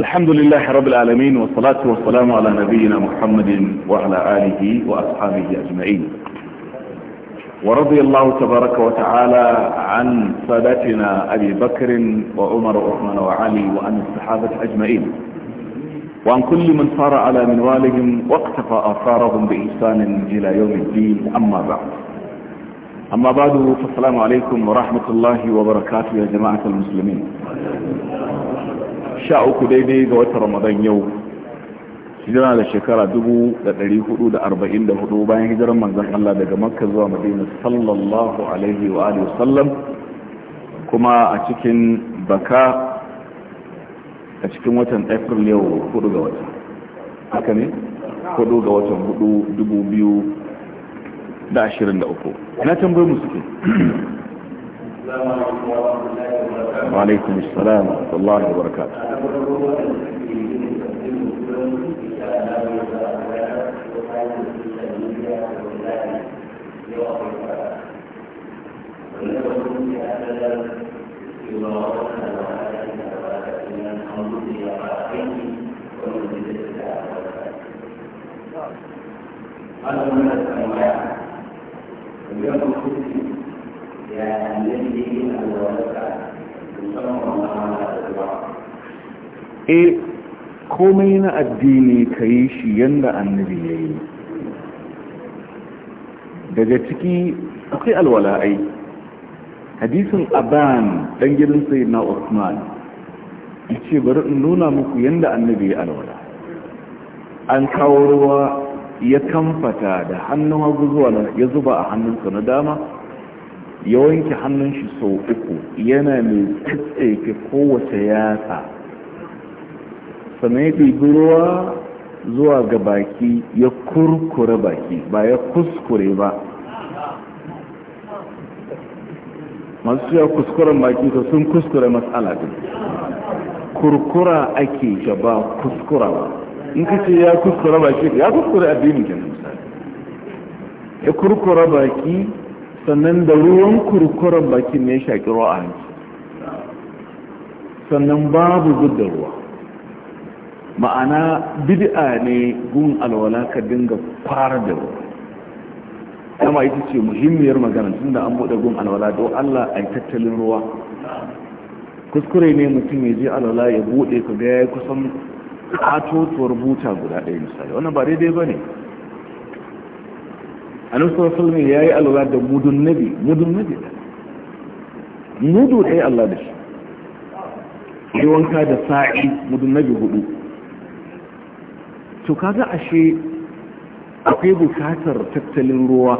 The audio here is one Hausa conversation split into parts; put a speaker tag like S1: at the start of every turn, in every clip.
S1: الحمد لله رب العالمين والصلاة والسلام على نبينا محمد وعلى آله وأصحابه أجمعين ورضي الله تبارك وتعالى عن سادتنا أبي بكر وعمر وعثمان وعلي وعن الصحابة أجمعين وعن كل من صار على منوالهم واقتفى آثارهم بإحسان إلى يوم الدين أما بعد أما بعد فالسلام عليكم ورحمة الله وبركاته يا جماعة المسلمين sha uku daidai ga watan ramadan yau hijira da shekara 1444 bayan hijirar manzon Allah daga makka zuwa madina sallallahu alaihi wa alihi Sallam, kuma a cikin baka a cikin watan april yau hudu ga watan haka ne hudu ga watan hudu 2023 na tambayi musu
S2: وعليكم السلام
S1: ورحمة الله وبركاته
S2: Thank you.
S1: e komai na addini ka yi shi yadda annabi ya yi daga ciki akwai alwala'ai hadisin aban dan gidan Osman Usman ce bari in nuna muku yadda annabi ya alwala an kawo ruwa ya kamfata da hannun hagu zuwa ya zuba a hannunsa na dama ya wanke hannun shi sau uku yana mai tsitsaike kowace yatsa sannan ya ɗibi ruwa zuwa ga baki ya kurkure baki ba ya kuskure ba masu ya kuskuren baki ta sun kuskure matsala din kurkura ake ga ba kuskura ba in ka ce ya kuskure baki ya kuskure a biyu ya kurkura baki sannan da ruwan kurkuren bakin ne shaƙi ruwa a hanci sannan babu gudda ruwa ma'ana bid'a ne gun alwala ka dinga fara da ruwa kama ita ce muhimmiyar magana tun da an buɗe gun alwala don allah a yi tattalin ruwa kuskure ne mutum ya je alwala ya buɗe ka ga ya kusan katotuwar buta guda ɗaya misali wannan ba daidai ba ne annabi sallallahu alaihi ya yi alwala da mudun nabi mudun nabi mudu ɗaya Allah da shi sai wanka da sa'i mudun nabi hudu to kaga ashe akwai bukatar tattalin ruwa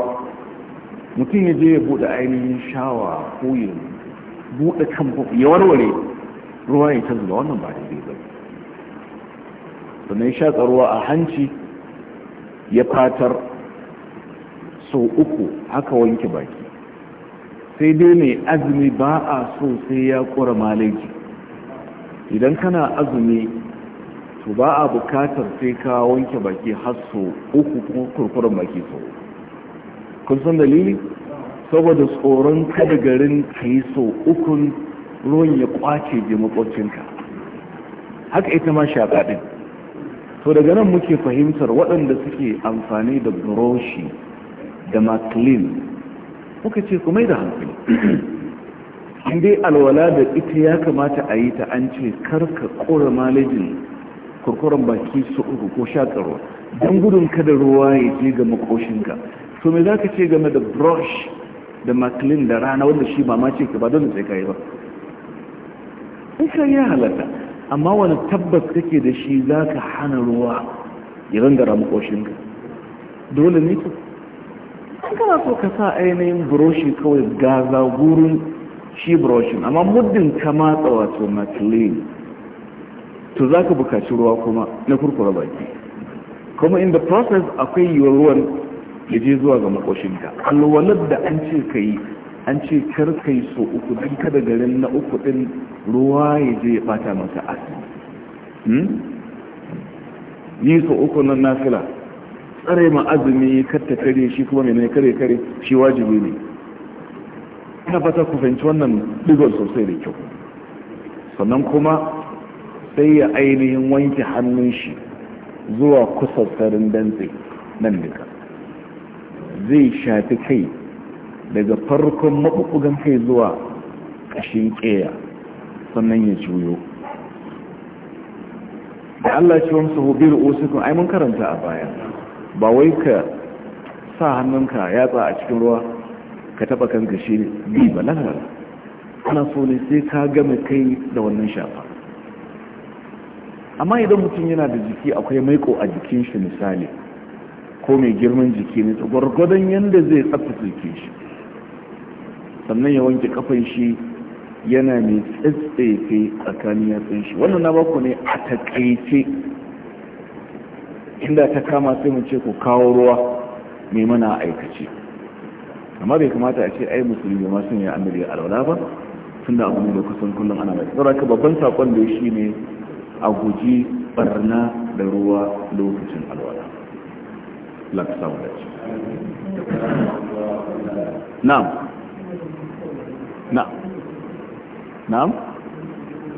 S1: mutum ya je ya bude ainihin shawa ko ya bude kan ya warware ruwa ya canza, zuba wannan ba da ba sannan ya shaƙa ruwa a hanci ya fatar sau uku haka wanke baki sai dai mai azumi ba a so sai ya kura malaji idan kana azumi to ba a bukatar sai ka wanke baki har so uku kurkuren baki so kun san dalili saboda tsoron kada garin ka yi so ukun ruwan ya kwace je makwacinka haka ita ma ɗin to daga nan muke fahimtar waɗanda suke amfani da buroshi da maklin muka ce kuma yi da hankali inda alwala da ita ya kamata a yi ta an ce karka kora malajin kurkuren baki su uku ko shakarwa don gudun kada ruwa ya je ga makoshinka to me za ka ce game da brush da maklin da rana wanda shi ba mace ka ba don sai ka yi ba in ka yi halatta amma wani tabbas kake da shi za ka hana ruwa ya rangara makoshinka dole ne ku in kana so ka sa ainihin buroshi kawai gaza gurin shi broshin amma muddin ka matsa wato maclean to za ka bukaci ruwa kuma na kurkura baki kuma in the process akwai yiwuwar ruwan ya je zuwa ga makoshinka alwalar da an ce ka yi an ce kar ka yi so uku din ka kada garin na uku din ruwa ya je ya bata maka asiri hmm? yi so uku nan nasila tsare ma azumi katta kare shi kuma mai kare kare shi wajibi ne ina fata ku fahimci wannan digon sosai da kyau sannan kuma sai ya ainihin wanke hannun shi zuwa kusa tsarin dantse nan duka zai shafi kai daga farkon maɓuɓɓugan kai zuwa kashin keya sannan ya juyo da Allah ce wamsu hobi ru'usikun ai mun karanta a baya ba wai ka sa hannunka yatsa a cikin ruwa ka taba kanka shi bi ba lalar ana so ne sai ka gama kai da wannan shafa amma idan mutum yana da jiki akwai maiko a jikin shi misali ko mai girman jiki ne gwargwadon yadda zai tsaftace jikin shi sannan ya wanke kafan shi yana mai tsatsefe tsakanin yatsun shi wannan na baku ne a takaice inda ta kama sai mu ce ku kawo ruwa mai mana aikace amma bai kamata a ce ai musulmi ma sun yi a alwala ba tun da abu da kusan kullum ana mai tsara ka babban sakon da shi ne a guji barna da ruwa lokacin alwala na'am na'am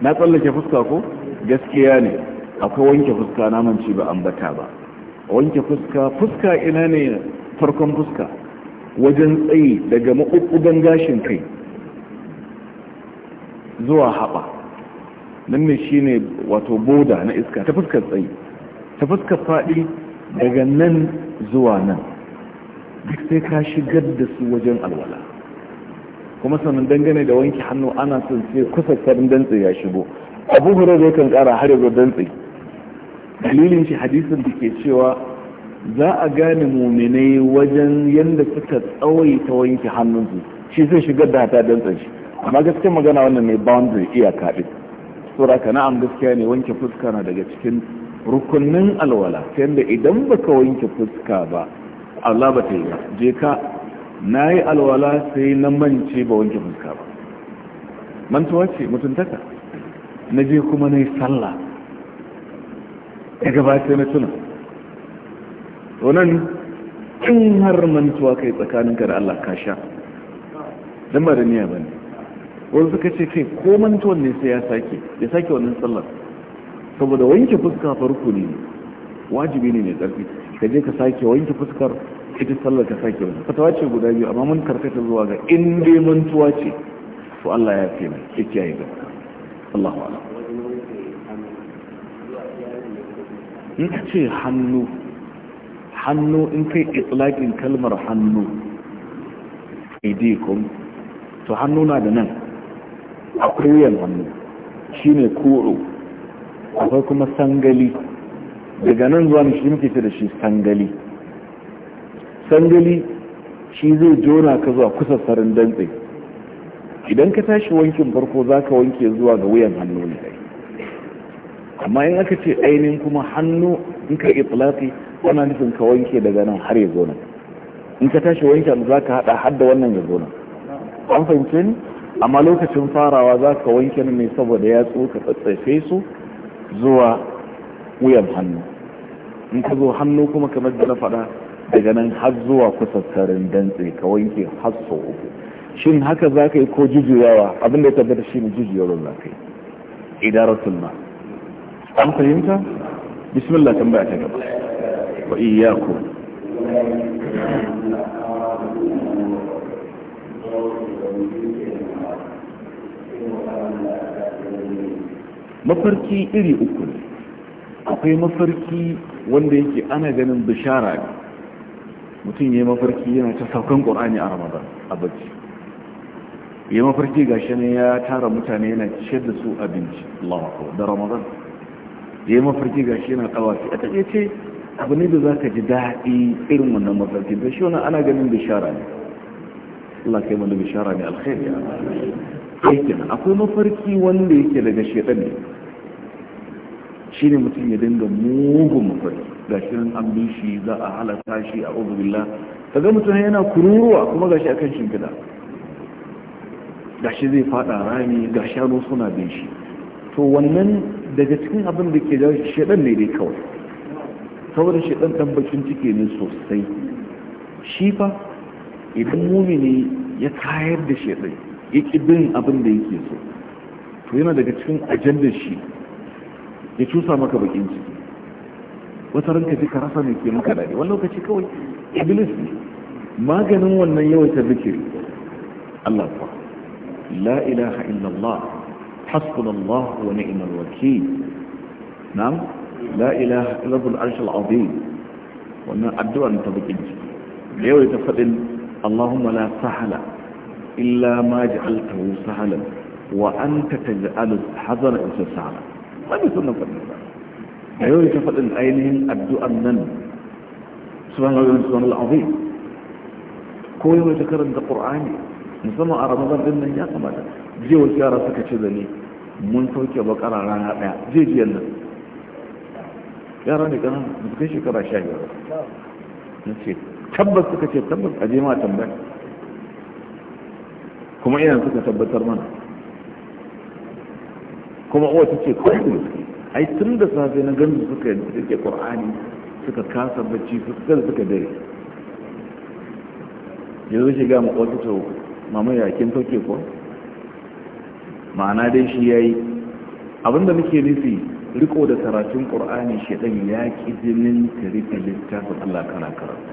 S1: na tsallake fuska ko gaskiya ne akwai wanke fuska na manci ba ambata ba wanke fuska fuska ina ne farkon fuska wajen tsayi daga maɓuɓɓugan gashin kai zuwa haɓa nan ne shi ne wato boda na iska ta fuskar tsayi ta fuskar faɗi daga nan zuwa nan duk sai ka shigar da su wajen alwala kuma sannan dangane da wanke hannu ana son sai kusa karin dantse ya shigo abu hurar zai kan kara har yanzu dantse dalilin shi hadisin da ke cewa za a gane muminai wajen yadda suka ta wanke hannunsu shi zai shigar da hata don tsanshi amma gaske magana wannan mai boundary iya kaɗi saboda ka na'am gaskiya ne wanke fuska na daga cikin rukunin alwala Sai da idan baka wanke fuska ba Allah ba ta yi ba je ka na yi alwala sai na mance ba wanke fuska ba mantuwa ce mutuntaka na je kuma na yi sallah ya gabata sai na tuna to nan in har mantuwa kai tsakaninka da Allah ka sha dan ba da niyya ne wani suka ce kai ko mantuwan ne sai ya sake ya sake wannan sallar saboda wanke fuska farko ne wajibi ne mai ƙarfi ka je ka sake wanke fuskar ita sallar ka sake wani fatawa ce guda biyu amma mun karkata zuwa ga in dai mantuwa ce to Allah ya fi mai ya kiyaye gaba wa Allah in ka ce hannu hannu in kai itlaƙin kalmar hannu idikun to hannu na da nan akwai wuyan hannu shi ne kuro akwai kuma sangali daga nan zuwa shi muke fi da shi sangali sangali shi zai jona ka zuwa kusa sarin dantse idan ka tashi wankin farko za ka wanke zuwa ga wuyan hannu ne amma in aka ce ainihin kuma hannu in ka itlaqi ana nufin ka wanke daga nan har ya zona in ka tashi wanke an za ka hada har da wannan ya zona an fahimce ni amma lokacin farawa za ka wanke ni ne saboda ya ka tsatsaife su zuwa wuyan hannu in ka zo hannu kuma kamar da na faɗa daga nan har zuwa kusa tsarin dantse ka wanke har sau uku shin haka za ka yi ko jujuyawa abinda ya tabbata shi ne jujuyawar za ka yi idaratul an fahimta bismillah tambaya ta gaba wa iyyaku mafarki iri uku ne akwai mafarki wanda yake ana ganin bishara ne mutum ya mafarki yana ta saukan ƙorani a ramadan a bacci ya mafarki gashi ne ya tara mutane yana ciyar da su abinci Allah da ramadan ya mafarki ga shi yana tsawafi a take ce abu ne da za ka ji daɗi irin wannan mafarki da shi wani ana ganin bishara ne Allah kai mana bishara ne alkhairi na akwai mafarki wanda yake daga shaitan ne shi ne mutum ya dinga mugun mafarki ga shi nan an bin za a halaka shi a ta ga mutum yana kururuwa kuma ga shi akan shimfiɗa ga shi zai faɗa rami ga shanu suna bin shi to wannan daga cikin abin da ke jawo shaɗan ne dai kawai saboda shaɗan ɗan bakin ciki ne sosai shi fa idan ne ya tayar da shaɗan ya ƙi bin abin da yake so to yana daga cikin ajandar shi ya cusa maka bakin ciki wata ranka ji karasa ne ke maka daɗi wani lokaci kawai iblis ne maganin wannan yawaita zikiri Allah fa. la ilaha illallah حسبنا الله ونعم الوكيل نعم لا إله إلا ذو العرش العظيم وانا أدعو أن تبقى ليو يتفضل اللهم لا سهل إلا ما جعلته سهلا وأنت تجعل الحزن انت سهلا ما يسمى فضل ليو يتفضل ايلهم أدعو ان سبحان الله سبحان العظيم كل يوم يتكرر القرآن musamman a ramadan din nan ya kamata jiya wasu mun sauke bakara rana daya zai jiyan nan yara ne kanan da shekara sha biyar na ce tabbas suka ce tabbas a je ma kuma ina suka tabbatar mana kuma uwa ta ce kwanci ai tun da safe na gandu suka yi suke ƙwar'ani suka kasa bacci suka suka dare yanzu shiga makwata to mamaya kin sauke ko. ma'ana dai shi yayi abinda muke nufi riko da karatun qur'ani shedan ya ki jinin ka rika littafin Allah kana karatu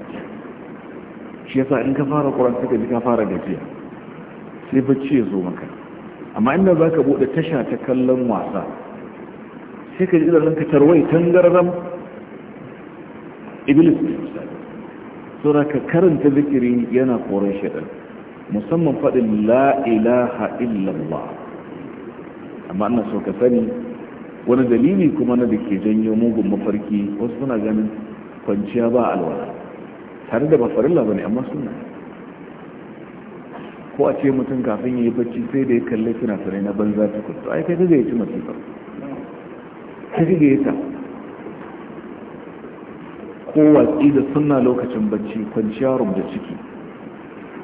S1: shi yasa in ka fara qur'ani sai ka fara gajiya sai bacci ya zo maka amma inda zaka bude tasha ta kallon wasa sai ka ji idan ka tarwai tangarram iblis sura ka karanta zikiri yana koran shedan musamman faɗin la ilaha illallah amma ina so ka sani wani dalili kuma na da ke janyo mugun mafarki wasu suna ganin kwanciya ba alwala tare da ba ba ne amma suna ko a ce mutum kafin ya yi bacci sai da ya kalle suna sanai na banza ta to ai kai ga ya ci masifar ka ga ya ta ko watsi da suna lokacin bacci kwanciya da ciki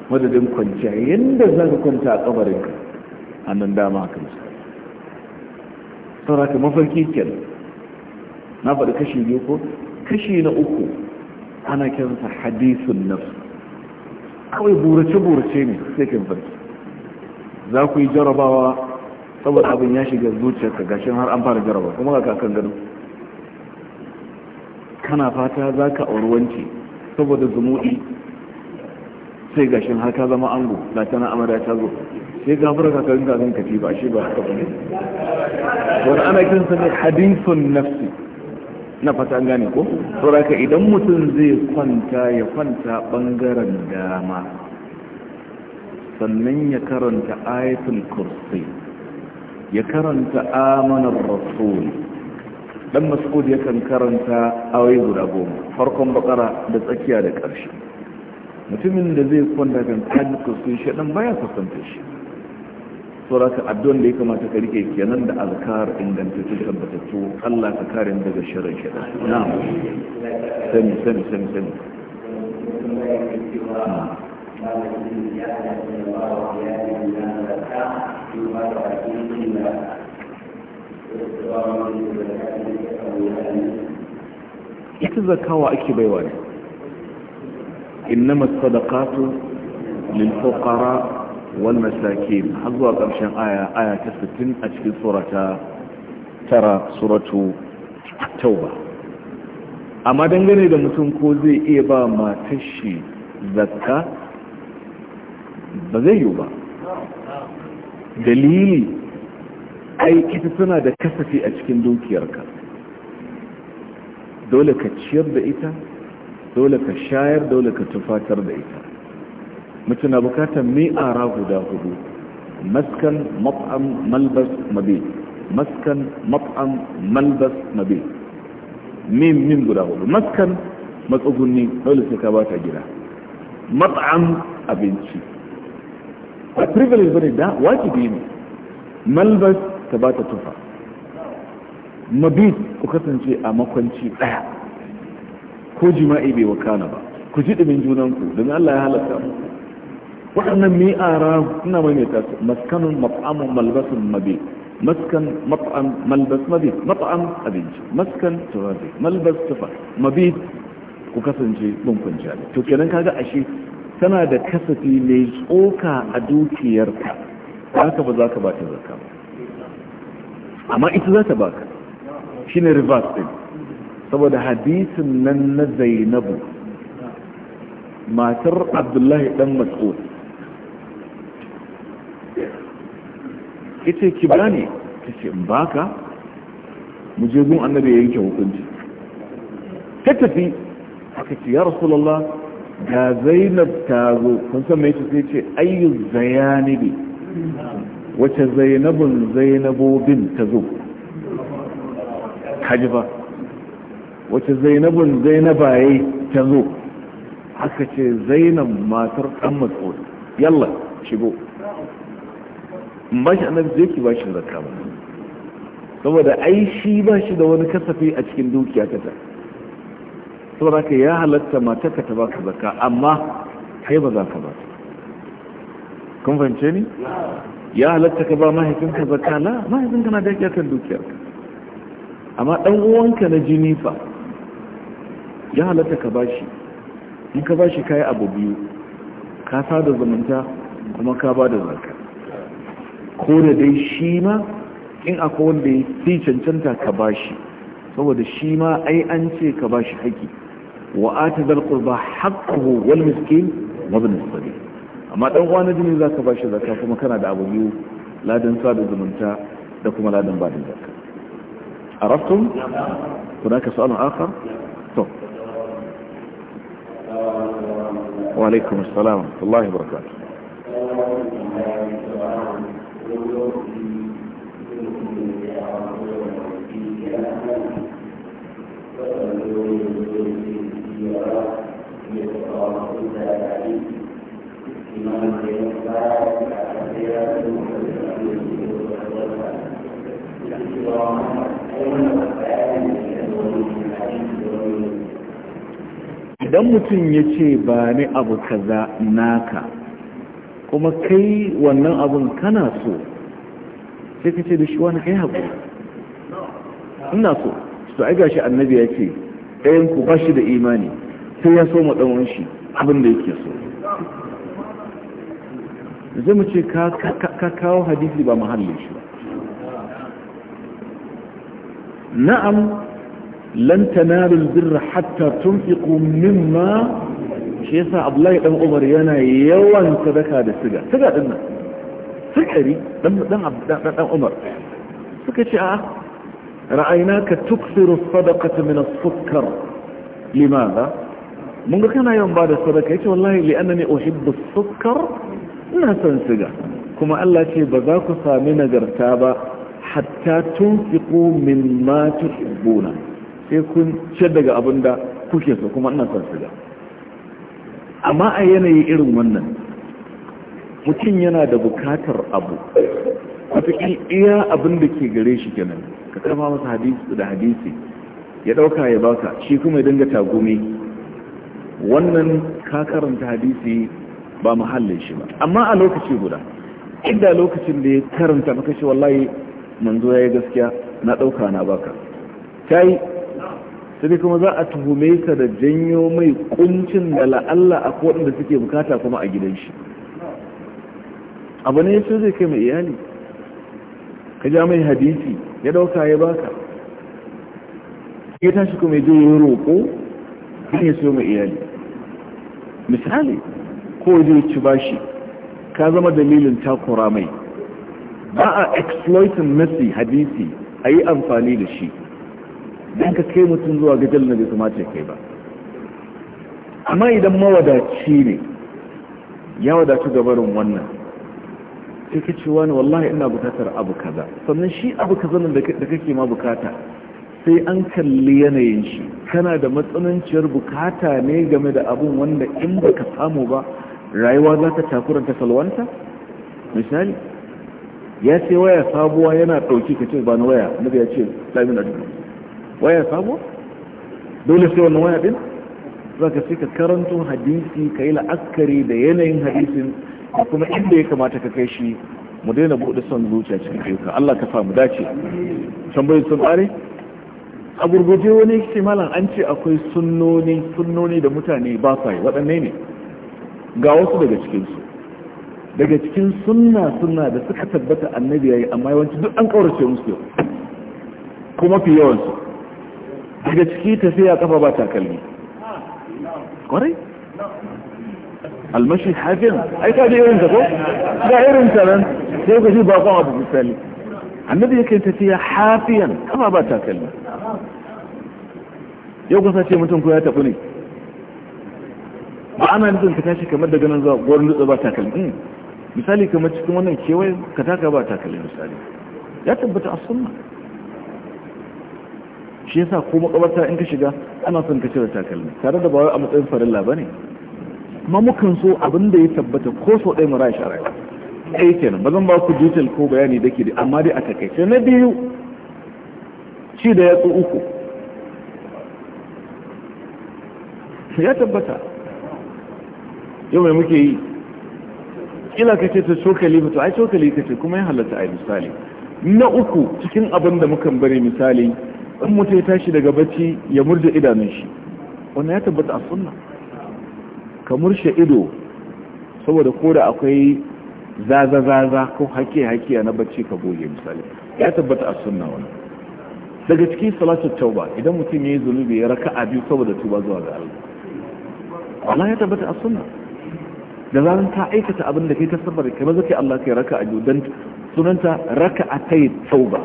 S1: madadin kwanciya yadda za ka kwanta a kabarinka a nan dama haka su saboda ka mafarki kenan na faɗi kashi biyu ko kashi na uku ana kiransa hadisun nafs kawai burace-burace ne sai ka mafarki za ku yi jarabawa saboda abin ya shiga ka gashin har an fara jaraba kuma ga kakan gano kana fata za ka auri wance saboda zumuɗi sai gashin har ka zama ango na tana amara ta zo sai ka fara ka karin gazin kafi ba shi ba haka bane wani ana kiran sa ne hadithun nafsi na fata an gane ko saboda ka idan mutum zai kwanta ya kwanta bangaren dama sannan ya karanta ayatul kursi ya karanta amanar rasul dan ya yakan karanta awai guda goma farkon bakara da tsakiya da ƙarshe mutumin da zai kwanta kan kaji kuskure shi dan baya kusanta shi sauraka addu'an da ya kamata ka rike kenan da inganta ta tabbatattu Allah ka kare daga shirin shi da sani sani sani sani ita zakawa ake baiwa ne إنما الصدقات للفقراء والمساكين حظوا قرشان آية آية تستن أجل صورة ترى صورة التوبة أما دنغني لمسون كوزي إيبا ما تشي ذكا بذيوبا دليل أي كتسنا دكسة da kasafi a cikin dukiyarka dole ka dole ka shayar dole ka tufatar da ita mace na bukatar mi'ara guda hudu maskan mab'an malbas mabi maskan mab'an malbas mabi min min guda hudu maskan matsugunni dole sai ka bata gida Mab'an abinci a privilege bane da wajibi ne malbas ka bata tufa mabit ku kasance a makwanci daya ko jima'i bai wakana ba ku ji ɗumin junanku domin Allah ya halatta mu waɗannan mi'ara ina mai ta maskanun maf'amun malbasun mabe maskan maf'am malbas mabe maf'am abinci maskan turabi malbas tufa mabe ku kasance mun kunja to kenan kaga ashe tana da kasafi mai tsoka a dukiyarka haka ba za ka ba ta zakka amma ita za ta baka shine reverse din saboda hadisin nan na zainabu matar abdullahi dan mas'ud ita ki bani ta ce in baka mu je gun annabi ya yanke hukunci ta tafi aka ce ya rasulallah ga zainab ta zo kun san mai sai ce ayyu zayanibi wace zainabun zainabobin ta zo kaji ba wace zainabun zainabaye ta zo aka ce zainab matar dan mas'ud yalla shigo ba shi annabi zai ki ba zakka ba saboda ai shi ba shi da wani kasafi a cikin dukiya ta ta saboda ka ya halatta mata ka ta ba zakka amma kai ba za ka ba kun fahimce ni ya halatta ka ba mahaifinka zakka la mahaifinka na da kan dukiyarka amma dan uwanka na jini fa ya halatta ka bashi in ka bashi kayi abu biyu ka sada zumunta kuma ka ba da zarka ko da dai shi ma in akwai wanda ya fi cancanta ka bashi saboda shi ma ai an ce ka bashi haƙi wa ata zal qurba haqqahu wal miskin mazan sabi sabil amma ɗan uwa na za ka bashi zarka kuma kana da abu biyu ladan sada zumunta da kuma ladan ba da zarka عرفتم؟ هناك سؤال آخر طب وعليكم السلام ورحمة الله وبركاته Thank you. idan mutum ya ce ba ni abu kaza naka kuma kai wannan abun kana so sai ka ce da shi wani kai haƙuri ina so su aiga shi annabi ya ce ɗayan ku ba shi da imani sai ya so maɗanwan shi abin da yake so zai mu ce ka kawo hadisi ba mahallin shi na'am لن تنالوا البر حتى تنفقوا مما شيخ عبد الله بن عمر يانا يوان سبكا بالسجا سجا دنا سكري دم دم عبد الله عمر سكتي اه رايناك تكثر الصدقه من السكر لماذا من كان يوم بعد الصدقه يقول والله لانني احب السكر لا تنسجا كما الله تي بذاك سامي نجرتابا حتى تنفقوا مما تحبونه sai kun ciyar daga abin da kuke so kuma ina son shiga amma a yanayi irin wannan mutum yana da bukatar abu wataƙil iya abin da ke gare shi kenan ka karfa masa hadisi da hadisi ya ɗauka ya baka shi kuma ya dinga tagumi wannan ka karanta hadisi ba muhallin shi ba amma a lokaci guda inda lokacin da ya karanta maka shi wallahi manzo ya yi gaskiya na ɗauka na baka ta yi sai kuma za a tuhume ka da janyo mai kuncin da la'alla a da suke bukata kuma a gidan shi abu ne ya zai kai mai iyali ka ja mai hadisi ya dauka ya baka ya tashi kuma ya je ya roƙo in ya so mai iyali misali ko ya ci bashi ka zama dalilin takura mai ba a exploiting nasi hadisi a yi amfani da shi dan ka kai mutum zuwa ga jalla bai kamata kai ba amma idan mawadaci ne ya wadatu gabarin wannan sai ka ce wani wallahi ina bukatar abu kaza sannan shi abu kaza nan da kake ma bukata sai an kalli yanayin shi kana da matsananciyar bukata ne game da abun wanda in baka samu ba rayuwa za ta takura ta salwanta misali ya ce waya sabuwa yana ɗauki ka ce ba na waya na ya ce lamina a waya samu dole sai wannan waya din Za ka sai ka karanto hadisi ka yi la'akari da yanayin hadisin da kuma inda ya kamata ka kai shi mu daina buɗe son zuciya cikin ayyuka Allah ka samu mu dace tambayi sun tsare a gurguje wani ce malam an ce akwai sunnoni sunnoni da mutane ba sa yi waɗanne ne ga wasu daga cikinsu daga cikin sunna sunna da suka tabbata annabi yayi amma yawanci duk an kaurace musu kuma fi yawansu daga ciki tafiya kafa ba takalmi kwarai almashi hafin ai ka ji irinta ko ga irinta nan sai ka ji bakon abu misali annabi yake tafiya hafiyan kafa ba takalmi yau kusa ce mutum ko ya tafi ne ba ana nufin ka tashi kamar daga nan zuwa gwarin dutse ba takalmi hmm. misali kamar cikin wannan kewaye ka taka ba takalmi misali ya tabbata a sunna shi yasa ko makabarta in ka shiga ana son ka cire takalmi tare da ba a matsayin farilla bane amma mukan so abin da ya tabbata ko so ɗaya mu ra shi a rayuwa kenan ba zan ba ku detail ko bayani da ke amma dai a takaice na biyu shi da yatsu uku ya tabbata yau mai muke yi kila ka ce ta cokali ba to ai cokali ka ce kuma ya halatta a misali na uku cikin abin da mukan bari misali in mutum ya tashi daga bacci ya murje idanun shi wannan ya tabbata a sunna ka murshe ido saboda ko da akwai zaza-zaza ko hake-hake na bacci ka goge misali ya tabbata a sunna wannan daga cikin salatul tauba idan mutum ya yi zunubi ya raka a biyu saboda tuba zuwa ga Allah Allah ya tabbata a sunna da zaran ta aikata abin da kai ta sabar kai maza kai Allah kai raka a biyu don sunanta raka a kai tauba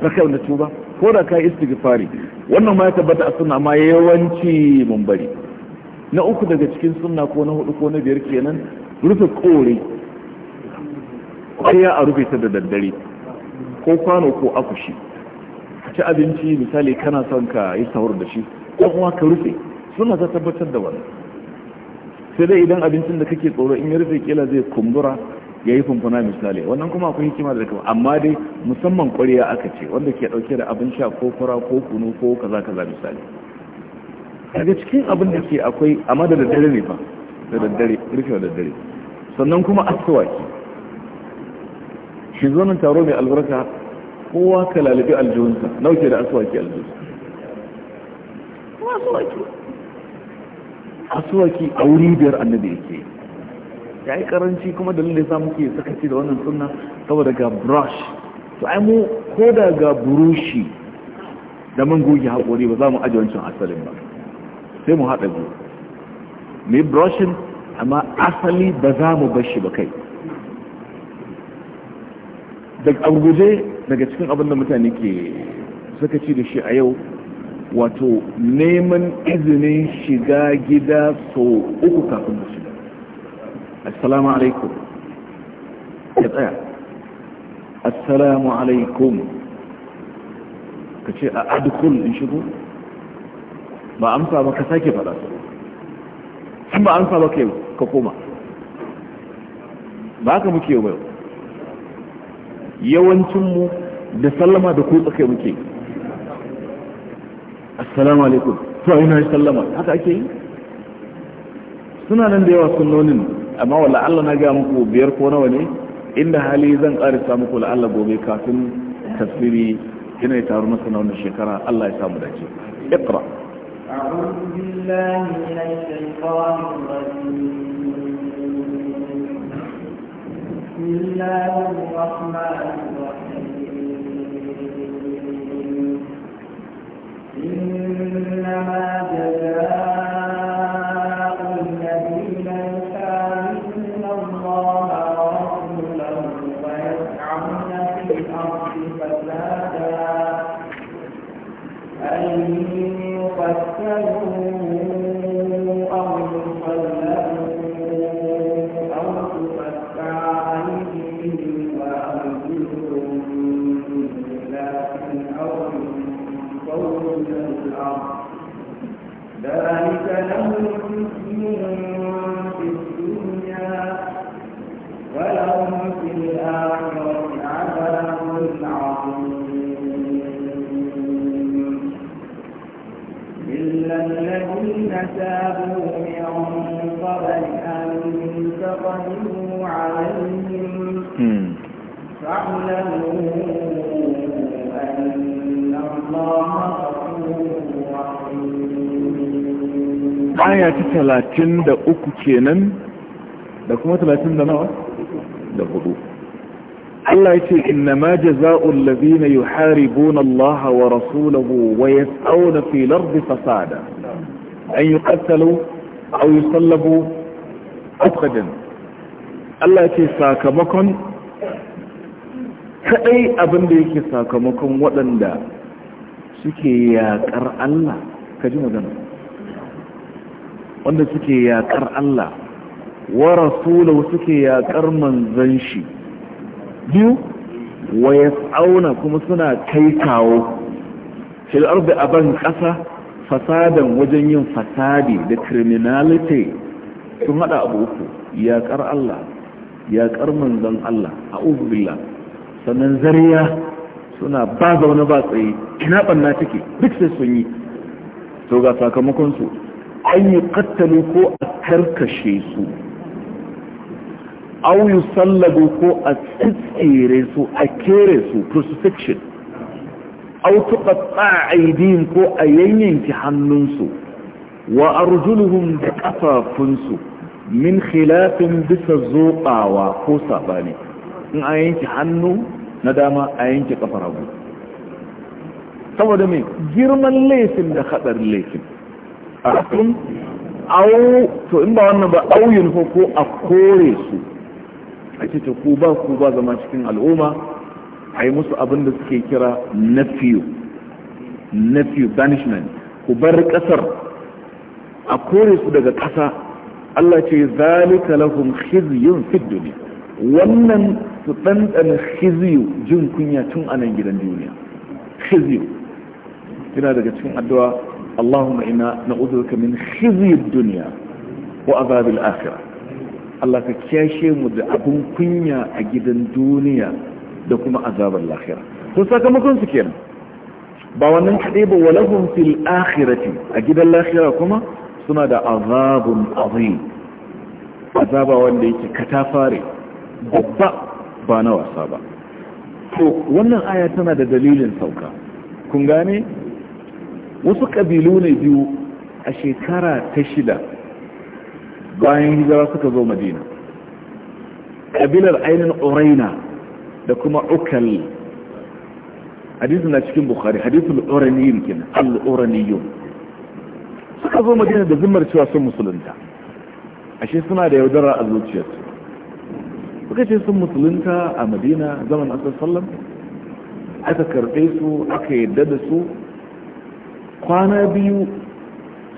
S1: ka kai wanda tuba ko da ka yi istighfari wannan ma ya tabbata a sunna amma yawanci mun bari na uku daga cikin sunna ko na hudu ko na biyar kenan rufe kore kwaya a rufe ta da daddare ko kwano ko akushi ci abinci misali kana son ka yi sahur da shi ko kuma ka rufe suna ta tabbatar da wannan sai dai idan abincin da kake tsoro in ya rufe kila zai kumbura ya yi fumfuna misali wannan kuma akwai hikima da kuma amma dai musamman kwariya aka ce wanda ke dauke da abin sha ko fara ko kunu ko kaza kaza misali daga cikin abin da ke akwai amma da daddare ne fa da daddare rufe da daddare sannan kuma aswaki shi zonin taro mai albarka kowa ka lalibi aljihunsa nauke da aswaki aljihunsa aswaki aswaki a wuri biyar annabi yake ya yi karanci kuma dalilin za muke sakaci da wannan sunna saboda ga brush to ai mu ko da ga burushi da mun goge haƙori ba za mu aji wancan asalin ba sai mu haɗa biyu mai brushin amma asali ba za mu bar shi ba kai daga abubuwa daga cikin abin da mutane ke sakaci da shi a yau wato neman izinin shiga gida sau uku kafin da shi السلام عليكم ya tsaya عليكم alaikum ka ce a ما in shigo ba amsa ba ka sake fada su ba amsa ba ka koma ba muke yau da sallama da ku tsakai muke assalamu alaikum to ina sallama haka ake yi suna nan da yawa sunnonin amma wala Allah na ga muku biyar ko nawa ne inda hali zan karisa muku la Allah gobe kafin tafsiri ina taro masa na wannan shekara Allah ya samu dace iqra
S3: a'udhu billahi minash الشيطان الرجيم aya ta
S1: talatin da uku kenan da kuma talatin da nawa da hudu Allah ce inna ma jaza'ul ladina yuharibuna Allah wa rasulahu wa yas'una fil ardi fasada an yuqtalu aw yusallabu abadan Allah ce sakamakon kadai abin da yake sakamakon waɗanda suke yaƙar Allah ka ji magana wanda suke yaƙar Allah wa rasulahu suke yakar manzon shi biyu wa yas'auna kuma suna kai kawo fil ardi aban ƙasa fasadan wajen yin fasadi da criminality sun hada abu uku yakar Allah yakar manzon Allah a'udhu billah sannan zariya suna ba zaune ba tsaye kina banna take duk sai sun yi to ga sakamakon su an yi kattalu ko a karkashe su au yi ko a tsitsire su a kere su crucifixion au tuƙaƙa aidin ko a yanyanki hannunsu wa arjuluhum da ƙafafunsu min khilafin bisa zoɓawa ko saɓani in a yanki hannu na dama a yanki ƙafar hagu saboda mai girman laifin da haɗar laifin akun au to in ba wannan ba au fa ko a kore su a ce ku ba ku ba zama cikin al'umma a yi musu abin da suke kira nafiyu nafiyu banishment ku bar kasar a kore su daga kasa Allah ce zalika lahum khizyun fid dunya wannan su ɗanɗana khiziyu jin kunya tun a nan gidan duniya khiziyu yana daga cikin addu'a اللهم إنا نعوذ بك من خزي الدنيا وعذاب الآخرة الله كيشي مد أبن كنيا أجدا دنيا دكما عذاب الآخرة فساك مكن سكين باوانن كذيب ولهم في الآخرة أجدا الآخرة كما سنة عذاب عظيم عذاب وانديك كتافاري ببا بانا وصابا to wannan aya tana da dalilin sauka kun gane wasu ƙabilu ne biyu a shekara ta shida bayan hijira suka zo madina ƙabilar ainihin uraina da kuma ukal hadisun na cikin bukari hadisun uraniyin kenan al'uraniyun suka zo madina da zimmar cewa sun musulunta ashe suna da yaudara a zuciyarsu suka ce sun musulunta a madina zaman asar sallam aka karɓe su aka yadda da su kwana biyu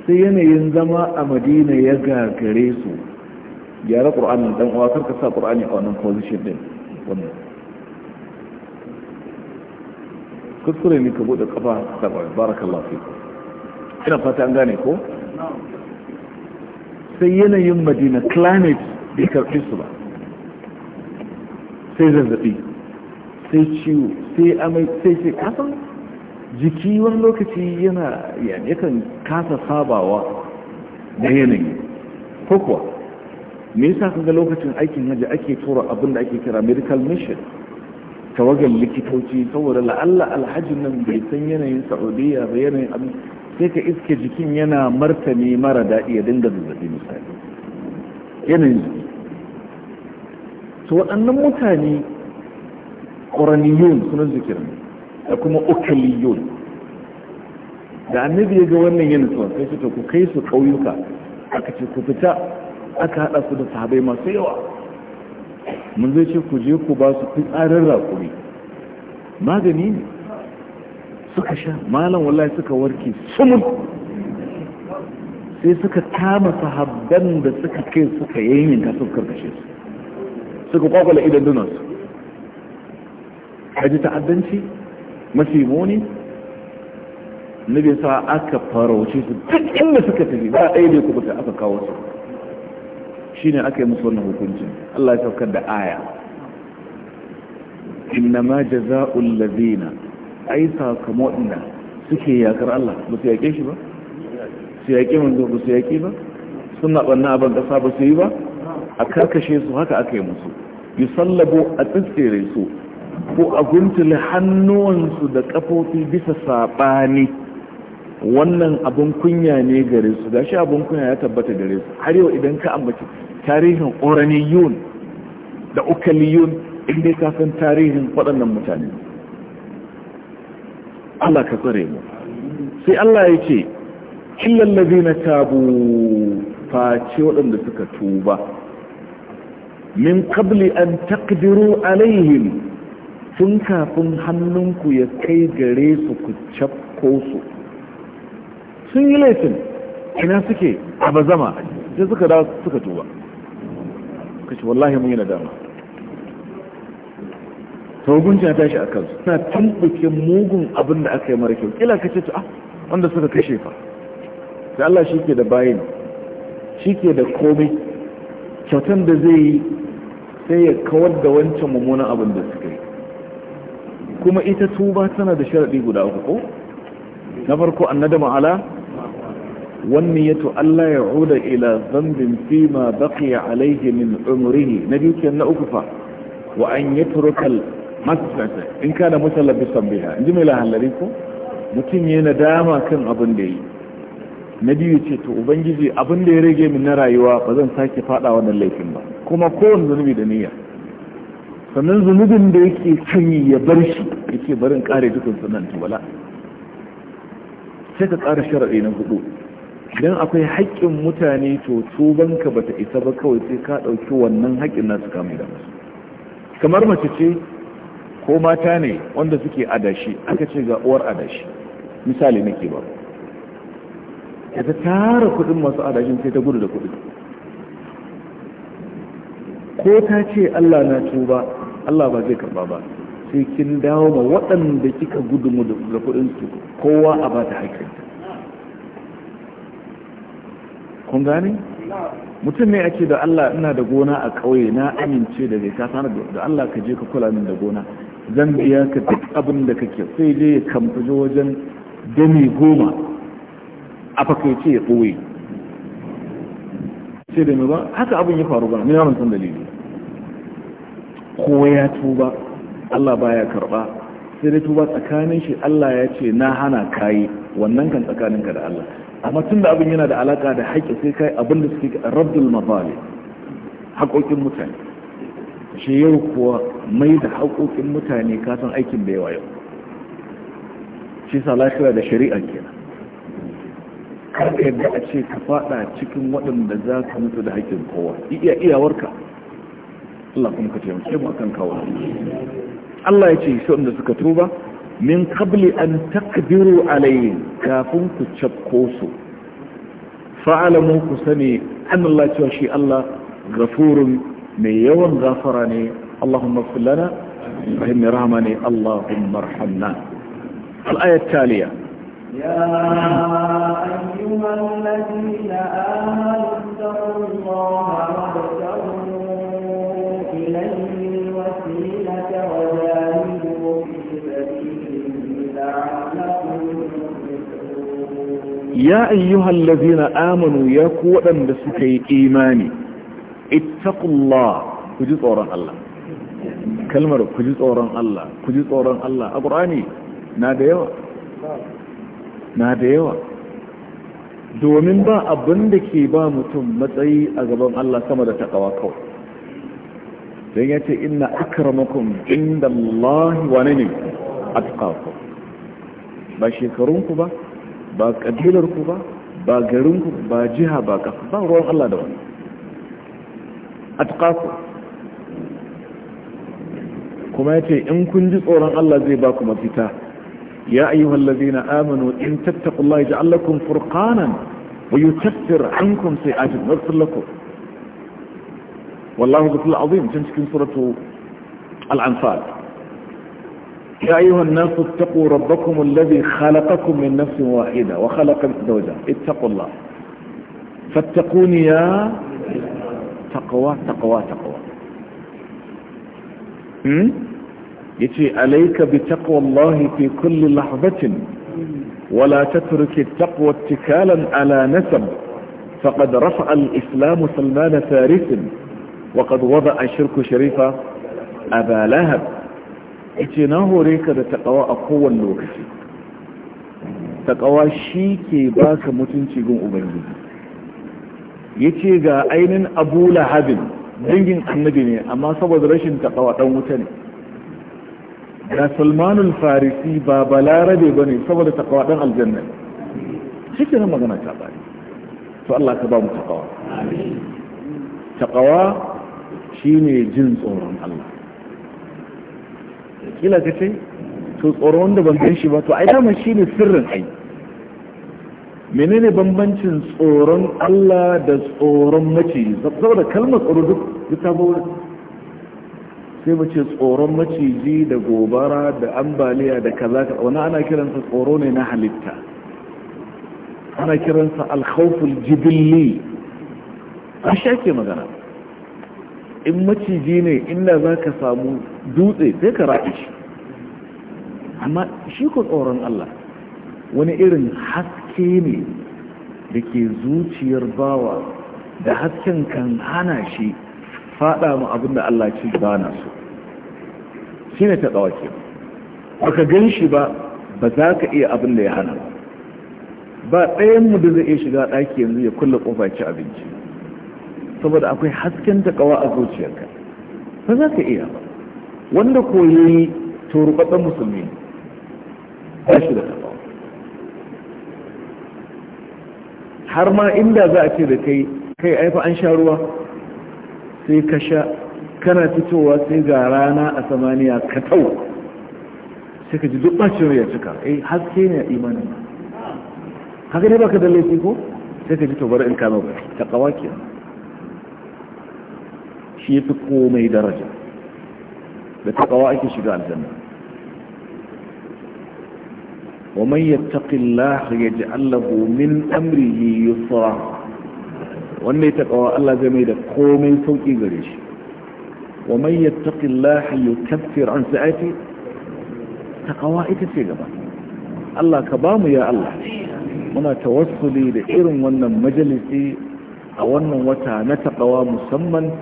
S1: sai yanayin zama a madina ya gagare su gyara ƙur'anin ɗan uwa ka sa ƙur'ani a wannan position ɗin wannan kuskure ne ka buɗe ƙafa da barakan fi ina fata an gane ko sai yanayin madina climate bai karfi su ba sai zazzaɓi sai ciwo sai amai sai sai kasan jiki wani lokaci yana yakan kasa sabawa da yanayi ko kuwa me yasa kaga lokacin aikin hajji ake tura abin da ake kira medical mission wajen likitoci saboda la'alla alhajin nan bai san yanayin saudiya ba yanayin abin sai ka iske jikin yana martani mara daɗi ya dinga zazzabi misali yanayin jiki to waɗannan mutane ƙoraniyun sunan zikirin da kuma ukaliyun da annabi ya ga wannan yin tsohon sai su ku kai su ƙauyuka aka ce ku fita aka haɗa su da sahabai masu yawa mun zai ce ku je ku ba su tsarin raƙuri magani ne suka sha malam wallahi suka warke sumun sai suka kama sahabban da suka kai suka yayinka suka karkashe su suka kwakwala idan dunansu kaji ta'addanci mafi muni nabi sa aka farauce su duk inda suka tafi ba ɗaya ne bata aka kawo su shine aka yi musu wannan hukuncin Allah ya saukar da aya Inna ma jaza'ul ladina ai sakamon waɗanda suke yakar Allah ba su yake shi ba su yake manzo ba su yake ba suna banna ban kasa ba su yi ba a karkashe su haka aka yi musu yusallabu a tsitsire su ko a guntule hannuwansu da kafofi bisa saɓani wannan abun kunya ne gare su shi abun kunya ya tabbata gare su har yau idan ka ambaci tarihin oraniyun da ukaliyun inda ka san tarihin waɗannan mutane Allah ka tsare mu sai Allah ya ce illal ladina tabu face waɗanda suka tuba min qabli an taqdiru alaihim tun kafin hannunku ya kai gare su ku cafko su sun yi laifin ina suke a bazama sai suka da suka tuba kashi wallahi mun yi nadama taugunci ya tashi a kansu suna tumbuke mugun abin da aka yi mara kyau kila kace ce ta ah, wanda suka kashe fa sai Allah shi ke da bayin shi ke da komai kyautan da zai yi sai ya kawar da wancan mummunan abin da suka yi kuma ita tuba tana da sharaɗi guda uku ko na farko annadama ala wani to Allah ya huda ila zambin fi ma baqiya alaihi min umrihi na biyu na uku fa wa an yatrukal masfata in kana musallabisan biha in ji mai lahallari ko mutum ya nadama kan abin da yi na biyu ce to ubangiji abin da ya rage min na rayuwa ba zan sake fada wannan laifin ba kuma kowane zunubi da niyya sannan zunubin da yake sanyi ya bar shi ce barin kare dukkan sunan wala sai ka kara sharai na hudu idan akwai haƙƙin mutane to tubanka bata isa ba kawai sai ka ɗauki wannan haƙƙin nasu kamar da musu kamar mace ce ko mata ne wanda suke adashi aka ce ga uwar adashi misali nake ba ya ta tara kudin masu adashin sai ta gudu da kudin ko ta ce Allah na tuba Allah ba zai karba ba sai kin dawo ma waɗanda kika gudu mu da kuɗin su kowa a ba ta haƙƙin kun gane mutum ne ake da Allah ina da gona a ƙauye na amince da zai kasa da Allah ka je ka kula min da gona zan biya ka duk abin da kake sai je ya kamfaje wajen dami goma a fakaice ya ɓoye sai da ba haka abin ya faru ba ne yawon san dalili ko ya tuba Allah baya karba sai dai tuba tsakanin shi Allah ya ce na hana kayi wannan kan tsakaninka da Allah amma tun da abin yana da alaka da haƙƙi sai kai abin da suke raddul mafali haƙoƙin mutane shi yau kuwa mai da haƙoƙin mutane ka san aikin da yawa yau shi sa lafiya da shari'a kenan kar ka yadda a ce ka faɗa cikin waɗanda za ka mutu da haƙƙin kowa iya iyawarka Allah kuma ka taimake mu akan kawo Allah ya ce shi wanda suka tuba min kabli an takdiru alayhim kafin ku cakko su fa'alamu ku sani an Allah cewa shi Allah ghafurun mai yawan gafara ne Allahumma ighfir lana rahim rahmani Allahumma arhamna al-ayat taliya
S3: يا أيها الذين آمنوا اتقوا الله
S1: ya ayyuhal lazina amanu ya ku waɗanda suka yi imani ittaqullah ku ji tsoron Allah kalmar ku ji tsoron Allah ku ji tsoron Allah a ƙurani na da yawa na da yawa domin ba abin da ke ba mutum matsayi a gaban Allah sama da takawa kawai don ya ce ina akramakum inda Allah wane ne a takawa ba shekarunku ba ba ƙabilarku ba ba garinku ba jiha ba ƙasa ba ruwan Allah da wani a tuƙaku kuma ya ce in kun ji tsoron Allah zai ba ku mafita ya ayyuhal lazina aminu in tattaqullaha yaj'al lakum furqanan wa yukaffiru ankum sayi'atikum wa yaghfir lakum wallahu ghafurur azim cikin suratu al يا أيها الناس اتقوا ربكم الذي خلقكم من نفس واحدة وخلق زوجها اتقوا الله فاتقوني يا تقوى تقوى تقوى يتي عليك بتقوى الله في كل لحظة ولا تترك التقوى اتكالا على نسب فقد رفع الإسلام سلمان فارس وقد وضع الشرك شريف أبا لهب yace na hore ka da takawa a kowane lokaci takawa shi ke baka mutunci gun ubangiji yace ga ainin abu lahabin dangin annabi ne amma saboda rashin takawa ɗan wuta ne da salmanul farisi ba balarabe ba ne saboda takawa dan aljanna shi ke nan magana ta bari to Allah ka ba mu takawa takawa shine jin tsoron Allah kila ka ce to tsoron wanda ban gan shi ba to ai dama shi sirrin ai menene bambancin tsoron Allah da tsoron maciji saboda kalmar tsoro duk ta sai mace tsoron maciji da gobara da ambaliya da kaza wani ana kiransa tsoro ne na halitta ana kiransa alkhawful jibilli a shake magana in maciji ne inda za ka samu dutse sai ka raɗe shi amma shi ko tsoron Allah wani irin haske ne da ke zuciyar bawa da hasken kan hana shi fada mu abin da Allah ci ba na so shi ne ta tsawake ba ka gan shi ba ba za ka iya abin da ya hana ba mu da zai iya shiga ɗaki yanzu ya kulle ƙofa ci abinci saboda akwai hasken ta kawa a zuciyarka ba za ka iya ba wanda koyi to musulmi da har ma inda za a ce da kai kai aifa an sha ruwa sai ka sha kana fitowa sai ga rana a samaniya ka tau sai ka ji duk bacin ya cika eh haske ne a imanin haka ne baka da laifi ko sai ka ji tobar in kano ba ta ke shi fi komai daraja da ta kawa ake shiga aljanna ومن يتق الله يجعل له من أمره يسرا وأن يتقوى الله جميل ya سوء قريش ومن يتق الله يكفر عن سآتي تقوى إتسي الله كبام ya الله muna tawassuli da irin wannan majalisi a wannan wata na takawa musamman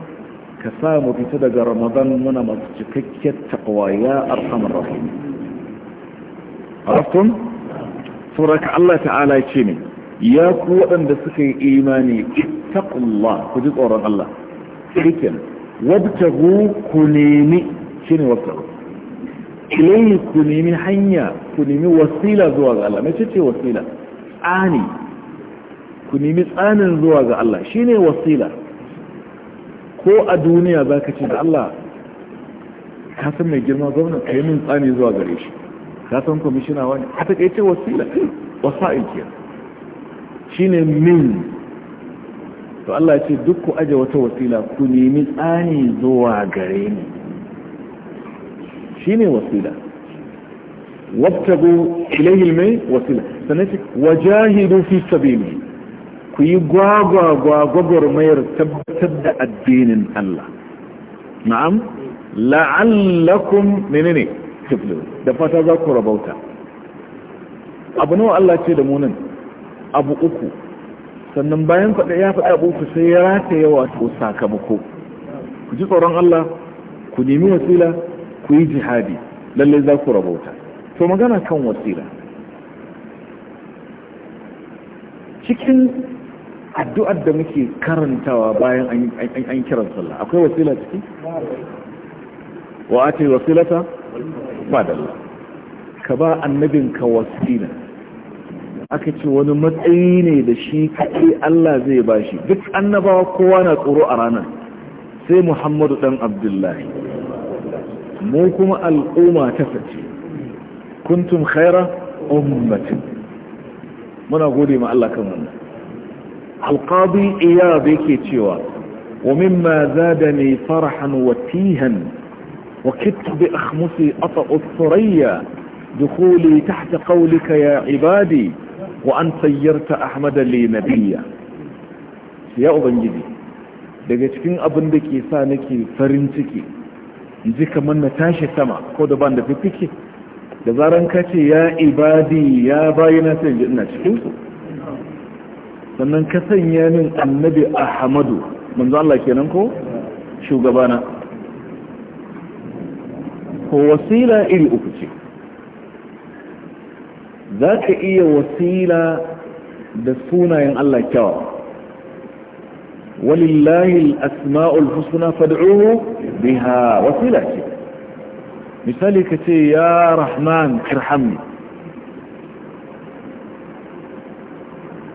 S1: ka samu fita daga ramadan muna masu cikakkiyar takawa ya arhamar rahim عرفتم سورة الله تعالى يتشيني يا قوة بسك إيماني اتقوا الله كجد أوران الله لكن وابتغوا كنيمي شيني وابتغوا إليه كنيمي حنيا كنيمي وسيلة زواج الله ما تتي وسيلة آني كنيمي آني زواج الله شيني وسيلة ko a duniya za ka ce da Allah ka san mai girma gwamnan ka yi min tsani zuwa gare shi ka san kwamishina wani a takaice wasila wasa'il ke ne min to Allah ce duk ku aje wata wasila ku nemi tsani zuwa gare ni Shi ne wasila wabtagu ilayhi mai wasila sannan ce wajahidu fi sabili ku yi gwagwagwa gwagwarmayar tabbatar da addinin Allah na'am la'allakum menene kiblu da fata za ku rabauta abu nawa Allah ce da munin abu uku sannan bayan faɗa ya faɗa abu uku sai ya rata yawa to sakamako ku ji tsoron Allah ku nemi wasila ku yi jihadi lallai za ku rabauta to magana kan wasila cikin addu'ar da muke karantawa bayan an kiran sallah akwai wasila ciki wa ati wasilata madalla ka ba annabinka wasila aka ce wani matsayi ne da shi kaɗai Allah zai ba shi duk annabawa kowa na tsoro a ranar sai muhammadu ɗan abdullahi mu kuma al'umma ta sace kuntum khaira ummatin muna gode ma Allah kan wannan alqadi yake cewa wa mimma zadani farhan wa tihan وكدت بأخمسي أطأ الثريا دخولي تحت قولك يا عبادي وأن صيرت أحمد لي نبيا يا أبنجدي daga cikin abin da ke sa nake farin ciki ji kamar na tashi sama ko da da fifike da zaran ka ce ya ibadi ya bayi na ina cikin su sannan ka sanya min annabi ahmadu manzo Allah kenan ko shugabana to wasila iri uku ce za ka iya wasila da sunayen Allah kyawa walillahi asma'ul husna fad'uhu biha wasila ce misali ka ce ya rahman irhamni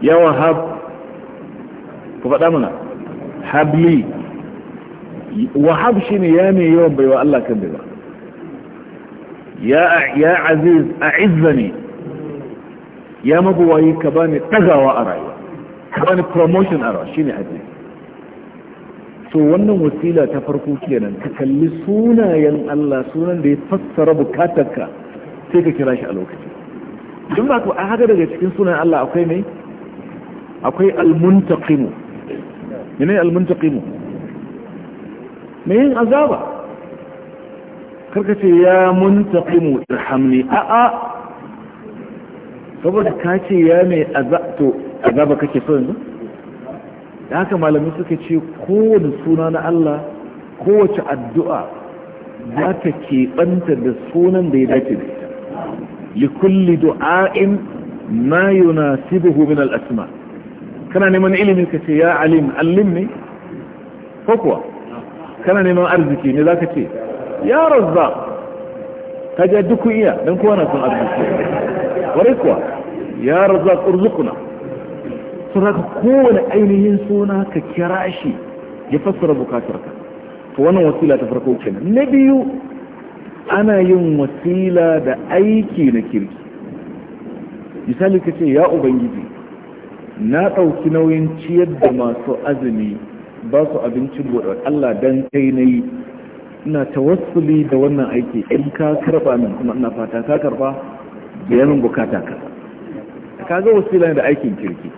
S1: ya wahab ku faɗa mana habli wahab ne ya ne yawan baiwa Allah kan baiwa ya aziz a izzani ya mabuwayi ka bani ɗagawa a rayuwa ka bani promotion a rayuwa shine aziz so wannan wasila ta farko kenan ka kalli sunayen Allah sunan da ya fassara bukatarka sai ka kira shi a lokaci duk ba ku a haka daga cikin sunan Allah akwai mai akwai almuntaqimu menene almuntaqimu mai yin azaba karka ce ya muntaqimu irhamni a a saboda ka ce ya mai azabto azaba kake so yanzu da haka malamai suka ce kowane suna na Allah kowace addu'a za ta keɓanta da sunan da ya dace da ita likulli du'a'in ma yunasibuhu min al-asma kana neman ilimin ka ce ya alim allimni ko kuwa kana neman arziki ne zaka ce ya razza ka ja duk iya don kowa na son arziki Wari kuwa ya razza urzukuna sun haka kowane ainihin suna ka kira shi ya fassara ka. to wannan wasila ta farko kenan na biyu ana yin wasila da aiki na kirki misali ka ce ya ubangiji na ɗauki nauyin ciyar da masu azumi ba su abincin buɗe Allah don kai na yi ina tawassuli da wannan aiki in ka karba min kuma ina fata ka karba bayanin bukata ka ka ga wasila da aikin kirki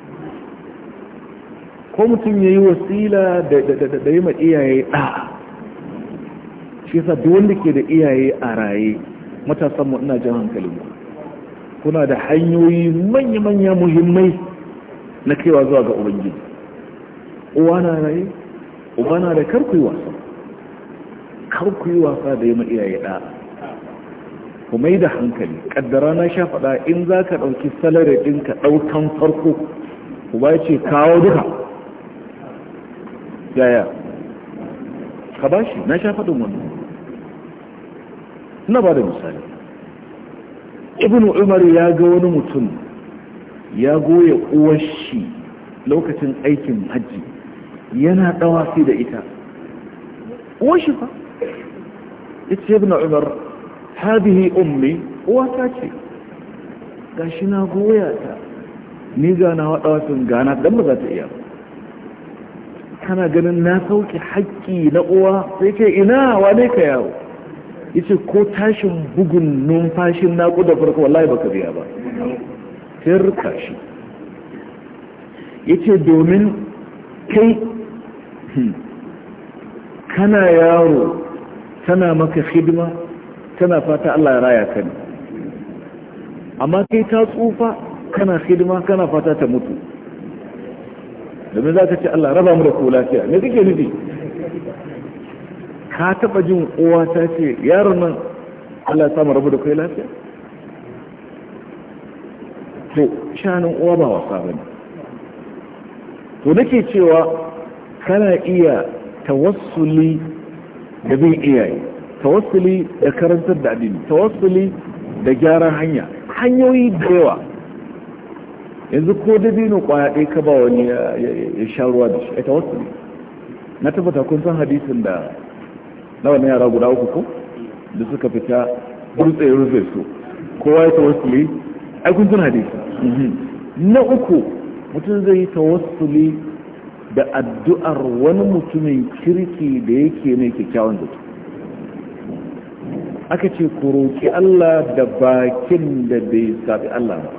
S1: ko mutum ya yi wasila da yi ma iyaye shi yasa duk wanda ke da iyaye a raye matasan mu ina jan hankali ku kuna da hanyoyi manya-manya muhimmai na kaiwa zuwa ga ubangiji uwa na raye uba na da karku wasa kar ku yi wasa da yi ma iyaye ɗa ku mai da hankali ƙaddara na sha faɗa in za ka ɗauki salari ɗinka ɗaukan farko ku ba ce kawo duka yaya ka ba shi na sha faɗin wannan na ba da misali ibn umar ya ga wani mutum ya goya uwar shi lokacin aikin hajji yana fi da ita uwar shi fa yace ibn umar hadihi ummi uwata ce shi na goya ta ni gana wa gana dan ba za ta iya kana ganin na sauke haƙƙi na uwa sai ce ina wane ka yawo yace ko tashin bugun numfashin naku da farko wallahi baka biya ba sirka shi yace domin kai hmm, kana yaro tana maka hidima tana fata Allah ya raya ka ne amma kai ta tsufa kana hidima kana fata ta mutu domin za ka ce Allah raba mu da ku lafiya me kake nufi ka taba jin uwa ta ce yaron nan Allah ya samu rabu da kai lafiya to shanin uwa ba wasa ba ne to nake cewa kana iya tawassuli da bin iyaye tawassuli da karantar da addini tawassuli da gyaran hanya hanyoyi da yawa yanzu ko dabino kwaya ɗaya ka ba wani ya sha ruwa da shi ya tawassuli na tabbata kun san hadisin da na wani yara guda uku ko da suka fita dutse ya rufe su kowa ya tawassuli ai kun san hadisi mhm. na uku mutum zai yi tawassuli da addu'ar wani mutumin kirki da yake mai kyakkyawan zato aka ce ku roƙi Allah da bakin da bai zaɓi Allah ba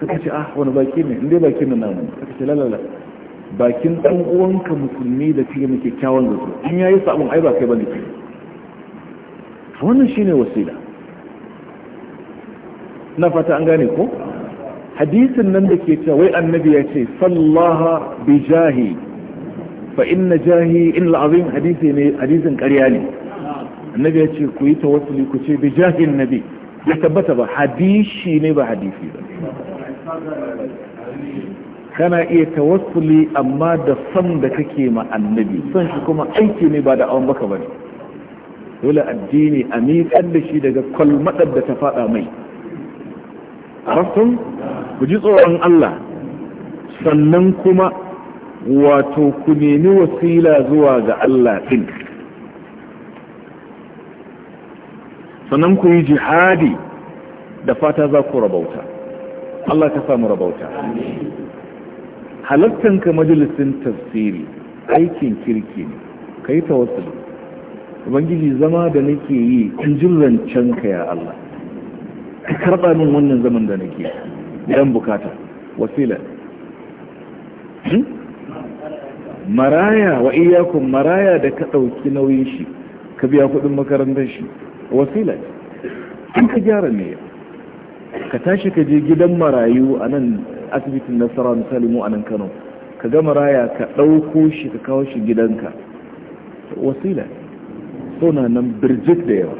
S1: suka ce ah wani baki ne inda bakin nan namu suka ce lalala bakin ɗan uwanka musulmi da ke mai kyakkyawan zato in ya yi sabon ai ba kai ba ne ke wannan shine wasila na fata an gane ko hadisin nan da ke cewa wai annabi ya ce sallaha bi jahi fa inna jahi in azim hadisi ne hadisin ƙarya ne annabi ya ce ku yi tawassuli ku ce bi jahi annabi ya tabbata ba hadisi ne ba hadisi ba kana iya tawassuli amma da san da kake ma annabi san shi kuma aiki ne ba da awon baka bane dole addini a miƙar da shi daga kwalmaɗar da ta faɗa mai arastun ku ji tsoron Allah sannan kuma wato ku nemi wasila zuwa ga Allah ɗin sannan ku yi jihadi da fata za ku rabauta Allah ka samu rabauta halattanka majalisin tafsiri aikin kirki ne ka yi tawassuli ubangiji zama da nake yi in jin ka ya Allah ka karɓa min wannan zaman da nake yan bukata wasila hmm? maraya wa iyakun maraya da ka ɗauki nauyin shi ka biya kuɗin makarantar shi wasila in ka gyara ne ka tashi ka je gidan marayu a nan asibitin nasara misali mu a nan kano ka ga maraya ka ɗauko shi ka kawo shi gidanka wasila suna nan birjit da yawa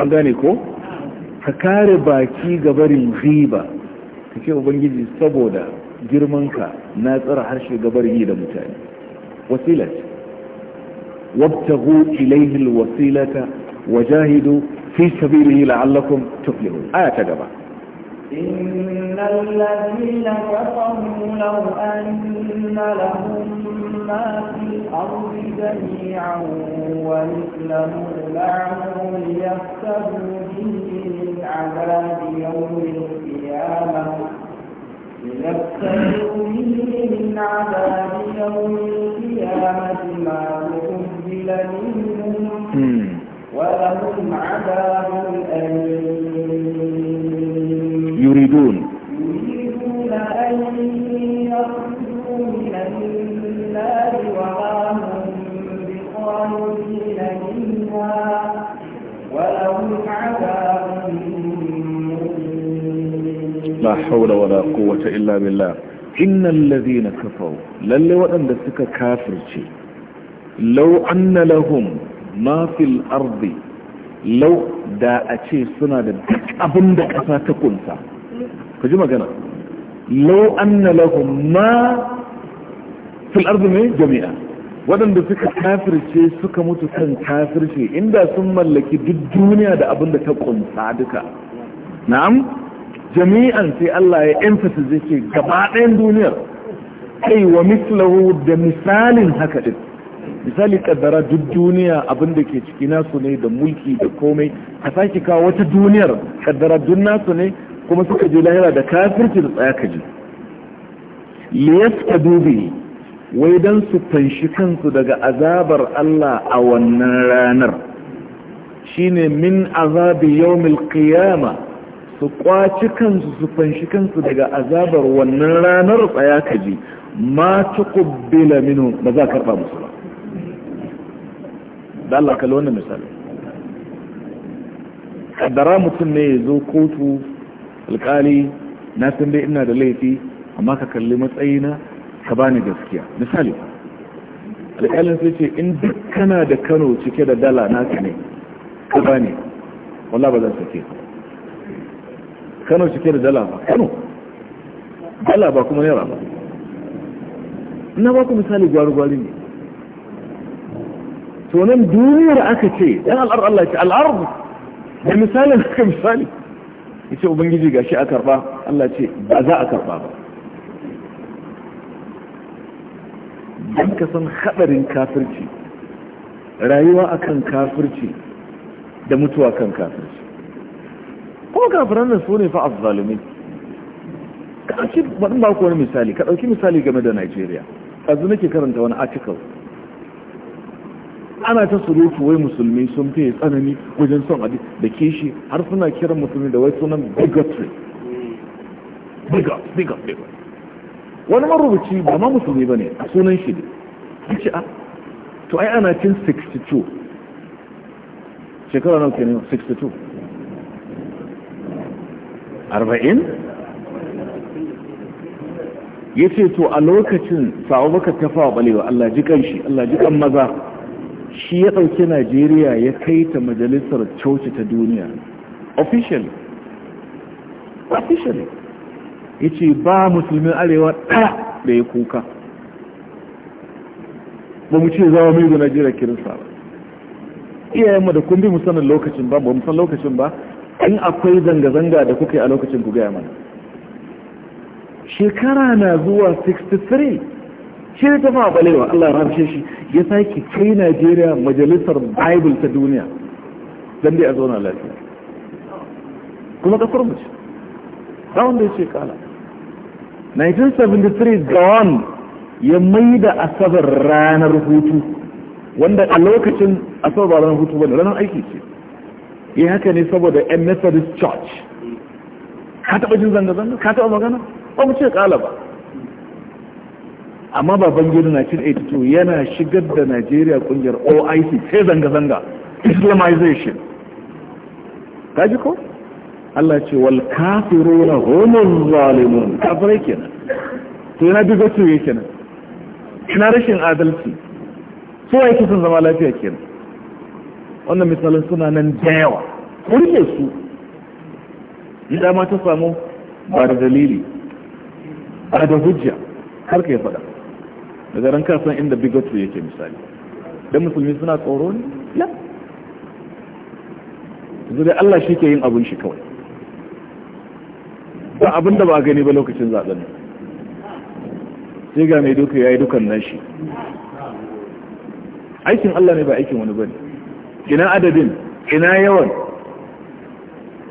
S1: an gane ko ka kare baki ga barin riba ka ce ubangiji saboda girmanka na tsara harshe ga yi da mutane wasilat wabtahu ilayhi alwasilata wajahidu fi sabilihi la'allakum tuflihun aya ta gaba
S3: إن الذين كفروا لو أن لهم ما في الأرض جميعا ومثله معه لِيَفْتَرُوا به من عذاب يوم القيامة ليفتدوا به من يوم القيامة ما أُنزِلَ منهم ولهم عذاب أليم يريدون لا حول ولا قوة
S1: إلا بالله إن الذين كفروا للي وأن لسك كافر شيء لو أن لهم ما في الأرض لو دا أشي سنة أبن دا أساتكم سنة ka ji magana lau anna lahum ma fil ardi mai jami'a waɗanda suka kafirce suka mutu kan kafirce inda sun mallaki duk duniya da abin da ta kunsa duka na'am jami'an sai Allah ya emphasis yake gaba ɗayan duniyar kai wa mislahu da misalin haka din misali kaddara duk duniya abin da ke ciki nasu ne da mulki da komai a sake kawo wata duniyar kaddara duk nasu ne kuma suka je lahira da kafirci da tsaya kaji liyasta dubi wai don su fanshi kansu daga azabar Allah a wannan ranar shine min azabi yawmil qiyama su kwaci kansu su fanshi kansu daga azabar wannan ranar tsaya kaji ma tuqbila minhu ba za karba musu ba da Allah kalli misali kaddara mutum ne ya zo kotu alƙali na san dai ina da laifi amma ka kalli matsayina ka bani gaskiya misali alƙalin sai ce in duk kana da kano cike da dala naka ne ka bani wallah ba zan sake kano cike da dala ba kano dala ba kuma naira ba na ba ku misali gwari-gwari ne to nan duniyar aka ce yan al'ar Allah misalin misali ita ubangiji gashi a karba Allah ce ba za a karba ba dan ka san hadarin kafirci rayuwa akan kafirci da mutuwa kan kafirci ko kafiran nan sune fa azzalimi ka ci ba ku wani misali ka dauki misali game da Najeriya yanzu nake karanta wani article ana ta surutu wai musulmi sun fiye tsanani wajen son adi da kishi har suna kiran musulmi da wai sunan bigotry bigot bigot bigot wani marubuci ba ma musulmi ba ne a sunan shi ne ce a ah, to ai ana cin 62 shekara nawa kenan 62 arba'in ya ce to a lokacin sawo baka tafa wa balewa Allah ji kan shi Allah ji kan maza shi ya ɗauki najeriya ya kai ta majalisar coci ta duniya officially officially ya ce ba musulmin arewa ɗaya da ya kuka ba mu ce za mu yi najeriya sa ba iyayenmu da kun bi musanin lokacin ba ba musan lokacin ba in akwai zanga-zanga da kuka yi a lokacin ku gaya mana shekara na zuwa 63 shi ta fa balewa Allah ya rahmshe shi ya sake kai Najeriya majalisar Bible ta duniya dan dai a zauna lafiya kuma ka mu shi. ba wanda ya ce kala 1973 Gawan ya mai da asabar ranar hutu wanda a lokacin asabar ba ranar hutu ba ranar aiki ce ya haka ne saboda yan methodist church ka taɓa jin zanga-zanga ka taɓa magana ba mu ce kala ba amma baban gida na cin 82 yana shigar da najeriya kungiyar oic sai zanga-zanga islamization Ka ji ko allah ce wal kafiru na homin zalimun kafirai kenan to yana wato yake kenan ina rashin adalci su wa yake sun zama lafiya kenan wannan misalin suna nan da yawa kurke su in dama ta samu ba da dalili ba da hujja har ka yi faɗa daga ran kasan inda bigotry yake misali dan musulmi suna tsoro ne la zuri Allah shi ke yin abun shi kawai ba abin da ba gani ba lokacin zaɓen sai ga mai duka ya yi dukan nashi aikin Allah ne ba aikin wani bane ina adadin ina yawan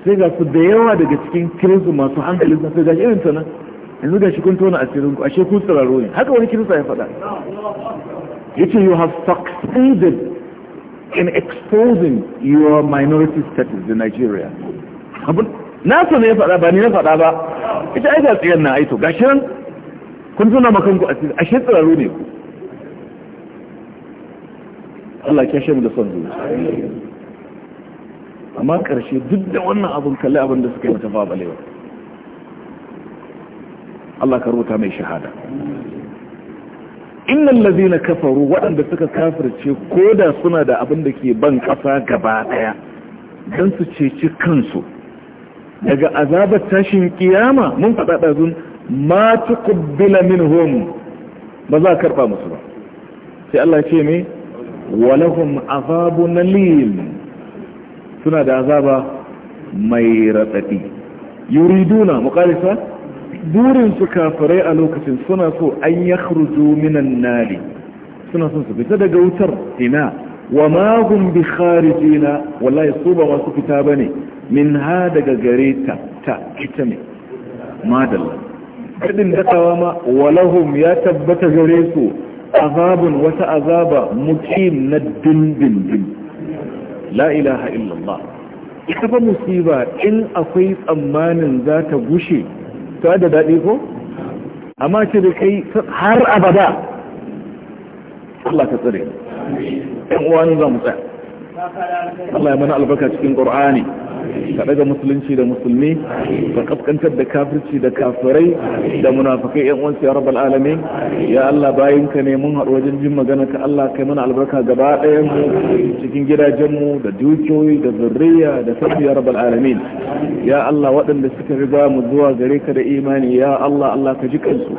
S1: sai ga su da yawa daga cikin kirisu masu hankali sun sai ga irin ta yanzu ga shi kun tona asirin ku ashe kun tsiraro ne haka wani kirista ya faɗa yace you have succeeded in exposing your minority status in Nigeria Na so ne ya faɗa ba ni na faɗa ba ita aika tsiyan na aito ga shi kun tona makanku asiri ashe tsiraro ne ku Allah ya shemu da son zuwa amma ƙarshe duk da wannan abin kalli abin da suka yi mata fa balewa Allah ka rubuta mai shahada innal na kafaru waɗanda suka ko da suna da abin da ke ban ƙasa gaba daya dan su ceci kansu daga azabar tashin kiyama mun da zun ma tuqbila minhum ba za karɓa musu ba sai Allah ce me walahum azabun lil suna da azaba mai raɗaɗi yuriduna muqalisa burinsu kafirai a lokacin suna so an ya minan nari suna son su fita daga wutar ina wa magun bi kharijina wallahi su ba masu fita ba ne min ha daga gare ta ta ita ne madalla kadin dakawa ma walahum ya tabbata gare su azabun wata azaba mukim na dindindin la ilaha illallah ita fa musiba in akwai tsammanin za ta gushe ta da daɗi ko amma ce da kai har abada Allah ka tsare ɗan uwa ne za mu tsaya Allah ya mana albarka cikin ƙor'ani ka daga musulunci da musulmi ka kaskantar da kafirci da kafirai da munafikai yan uwansu ya rabbal alamin ya Allah bayinka ne mun haɗu wajen jin magana ka Allah kai mana albarka gaba ɗayan mu cikin gidajen mu da dukiyoyi da zurriya da sabbi ya rabbal alamin ya Allah waɗanda suka riga mu zuwa gare ka da imani ya Allah Allah ka ji kansu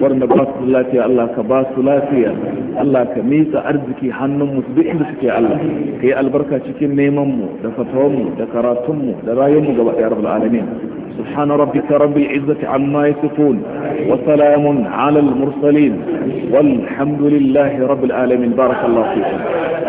S1: waɗanda ba su lafiya Allah ka ba su lafiya Allah ka mitsa arziki hannun mu duk inda suke Allah ka yi albarka cikin neman mu da fatawan mu da karatu ثم لبايم قبل يا رب العالمين سبحان ربك رب العزة عما يصفون وسلام على المرسلين والحمد لله رب العالمين بارك الله فيكم